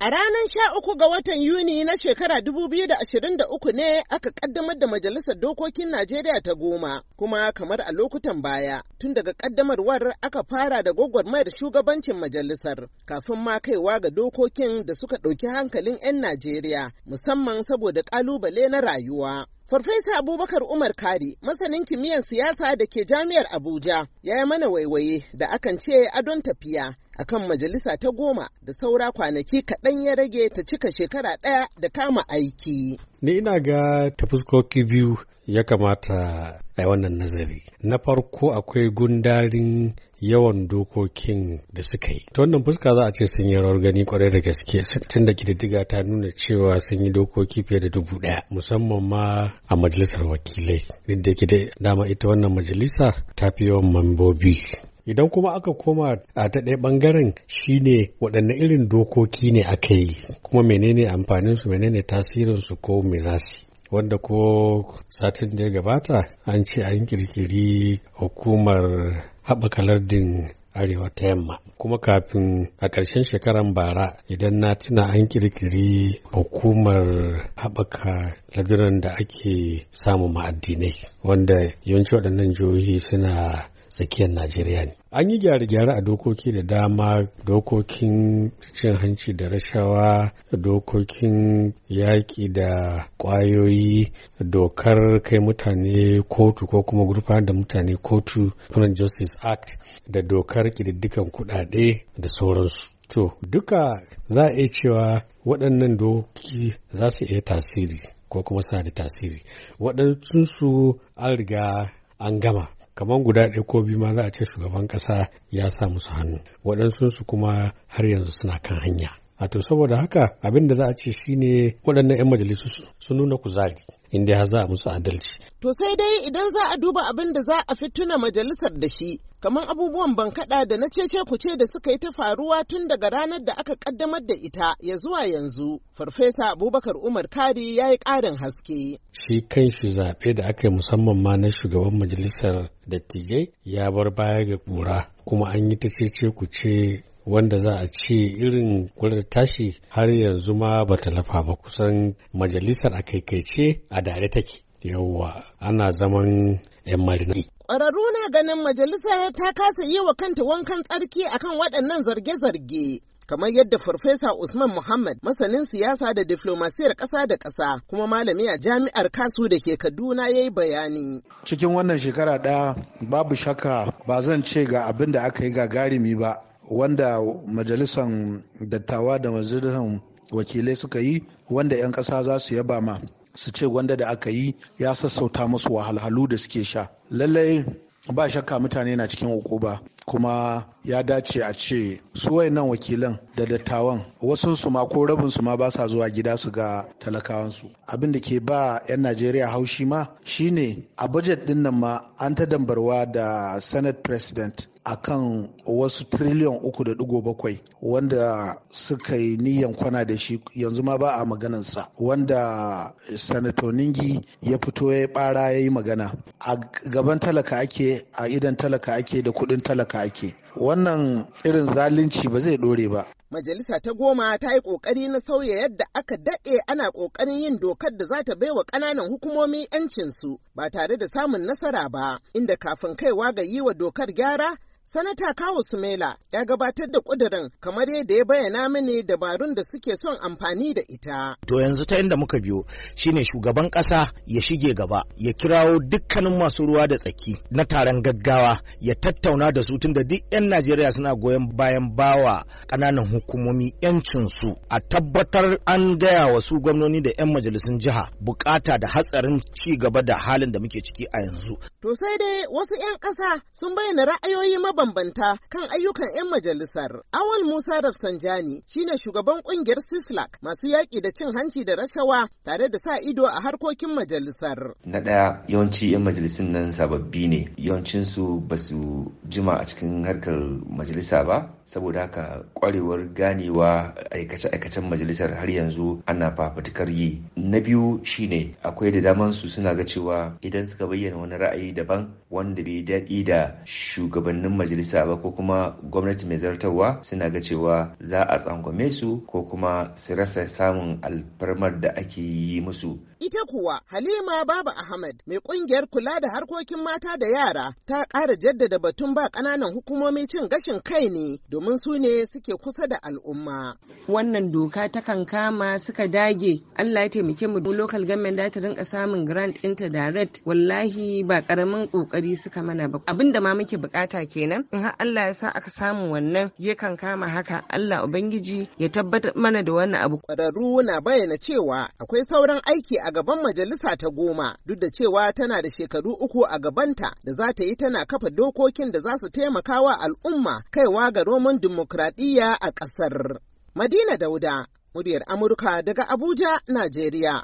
A ranar sha uku ga watan Yuni na shekara da uku ne aka kaddamar da Majalisar Dokokin Najeriya ta goma, kuma kamar a lokutan baya, tun daga kaddamarwar aka fara da gwagwarmayar shugabancin majalisar, kafin ma kaiwa ga dokokin da suka ɗauki hankalin 'yan Najeriya, musamman saboda ƙalubale na rayuwa. Farfesa Abubakar Umar Kari, masanin kimiyyar siyasa da ke jami'ar Abuja, ya yi mana waiwaye da akan ce adon tafiya akan majalisa ta goma da saura kwanaki kaɗan ya rage ta cika shekara ɗaya da kama aiki. Ni ina ga ta fuskoki biyu ya kamata a wannan nazari. Na farko akwai gundarin yawan dokokin da suka yi. Ta wannan fuska za a ce sun yi rawar gani kwarai da gaske tun da kididdiga ta nuna cewa sun yi dokoki fiye da dubu ɗaya musamman ma a majalisar wakilai. Duk da dama ita wannan majalisa ta fi yawan mambobi Idan kuma aka koma a ta ɗaya ɓangaren shine waɗanne irin dokoki ne aka yi kuma menene amfaninsu menene tasirinsu ko mirasi wanda ko satin da ya gabata an ce an kirkiri hukumar haɓaka lardin arewa ta yamma kuma kafin a ƙarshen shekaran bara idan na tuna an kirkiri hukumar haɓaka lardunan da ake samun ma'addinai wanda yawanci waɗannan jihohi suna tsakiyar najeriya ne an yi gyare-gyare a dokoki da dama dokokin cin hanci da rashawa dokokin yaƙi da ƙwayoyi dokar kai mutane kotu ko kuma gurfa da mutane kotu criminal justice act da dokar ƙididdikan kuɗaɗe da sauransu to duka za a iya cewa waɗannan doki za su iya tasiri ko kuma suna da tasiri waɗansu an riga an gama kamar guda ɗaya ko biyu ma za a ce shugaban ƙasa ya sa musu hannu waɗansunsu kuma har yanzu suna kan hanya a to saboda haka abin da za a ce shine waɗannan 'yan majalisu su nuna kuzari in dai za a musu adalci. To sai dai idan za a duba abin da za a fituna majalisar da shi, kamar abubuwan bankaɗa da na cece kuce da suka yi ta faruwa tun daga ranar da aka kaddamar da ita ya zuwa yanzu. Farfesa Abubakar Umar Kari ya yi ƙarin haske. Shi kan shi zaɓe da aka yi musamman ma na shugaban majalisar dattijai ya bar baya ga ƙura kuma an yi ta cece kuce wanda za a ce irin kurar tashi har yanzu ma ba ta lafa ba kusan majalisar a ce. a dare take yawwa ana zaman yan marinai ƙwararru na ganin majalisa ta kasa yi wa kanta wankan tsarki akan waɗannan zarge-zarge kamar yadda farfesa Usman Muhammad masanin siyasa da diflomasiyar ƙasa da ƙasa kuma malami a jami'ar kasu da ke Kaduna ya yi bayani. Cikin wannan shekara ɗaya babu shaka ba zan ce ga abin da aka yi gagarumi ba wanda majalisan dattawa da majalisan wakilai suka yi wanda 'yan ƙasa za su yaba ma su ce wanda da aka yi ya sassauta musu wahalhalu da suke sha lallai ba shakka mutane na cikin hukuba kuma ya dace a ce su nan wakilan da dattawan wasu su ma ko rabin su ma ba sa zuwa gida su ga talakawansu. abin da ke ba 'yan najeriya haushi ma shine a budget din nan ma an ta dambarwa da senate president akan wasu triliyan uku da digo bakwai wanda suka yi niyan kwana da shi yanzu ma ba a maganansa wanda senator ningi ya fito ya bara ya yi magana a gaban talaka ake a idan talaka ake da kudin talaka ake wannan irin zalunci ba zai dore ba majalisa ta goma ta yi kokari na sauya yadda aka daɗe ana kokarin yin dokar da za ta baiwa ƙananan hukumomi 'yancinsu ba tare da samun nasara ba inda kafin kaiwa ga yi wa dokar gyara Sanata Kawu Sumela ya gabatar da ƙudurin kamar yadda ya bayyana mini dabarun da suke son amfani da ita. To yanzu ta inda muka biyo shine shugaban ƙasa ya shige gaba ya kirawo dukkanin masu ruwa da tsaki na taron gaggawa ya tattauna da su tunda duk 'yan Najeriya suna goyon bayan bawa ƙananan hukumomi yancin su a tabbatar an gaya wa su gwamnoni da 'yan majalisun jiha bukata da hatsarin ci gaba da halin da muke ciki a yanzu. To sai dai wasu 'yan ƙasa sun bayyana ra'ayoyi mabambanta kan ayyukan 'yan majalisar. Awal Musa Rafsanjani ne shugaban kungiyar Sislak masu yaƙi da cin hanci da rashawa tare da sa ido a harkokin majalisar. Na ɗaya yawanci 'yan majalisun nan sababbi ne yawancinsu ba su jima a cikin harkar majalisa ba saboda haka kwarewar ganewa aikace-aikacen majalisar har yanzu ana fafutukar yi na biyu shine akwai da daman su suna ga cewa idan suka bayyana wani ra'ayi daban wanda bai daɗi da shugabannin majalisa ba ko kuma gwamnati mai zartarwa suna ga cewa za a tsangwame su ko kuma su rasa samun alfarmar da ake yi musu Ita kuwa Halima Baba Ahmad mai kungiyar kula da harkokin mata da yara ta ƙara jaddada batun ba ƙananan hukumomi cin gashin kai ne domin su ne suke kusa da al'umma. Wannan doka ta kankama suka dage Allah ya taimake mu local government da ta rinka samun grant ɗinta direct wallahi ba ƙaramin ƙoƙari suka mana ba. Abinda ma muke bukata kenan in har Allah ya sa aka samu wannan ya kankama haka Allah Ubangiji ya tabbatar mana da wannan abu. Ƙwararru na bayyana cewa akwai sauran aiki a a gaban majalisa ta goma duk da cewa tana da shekaru uku a gabanta da za ta yi tana kafa dokokin da za su taimaka wa al'umma kaiwa ga roman dimokuraɗiyya a ƙasar. Madina Dauda, muryar Amurka daga Abuja, Najeriya.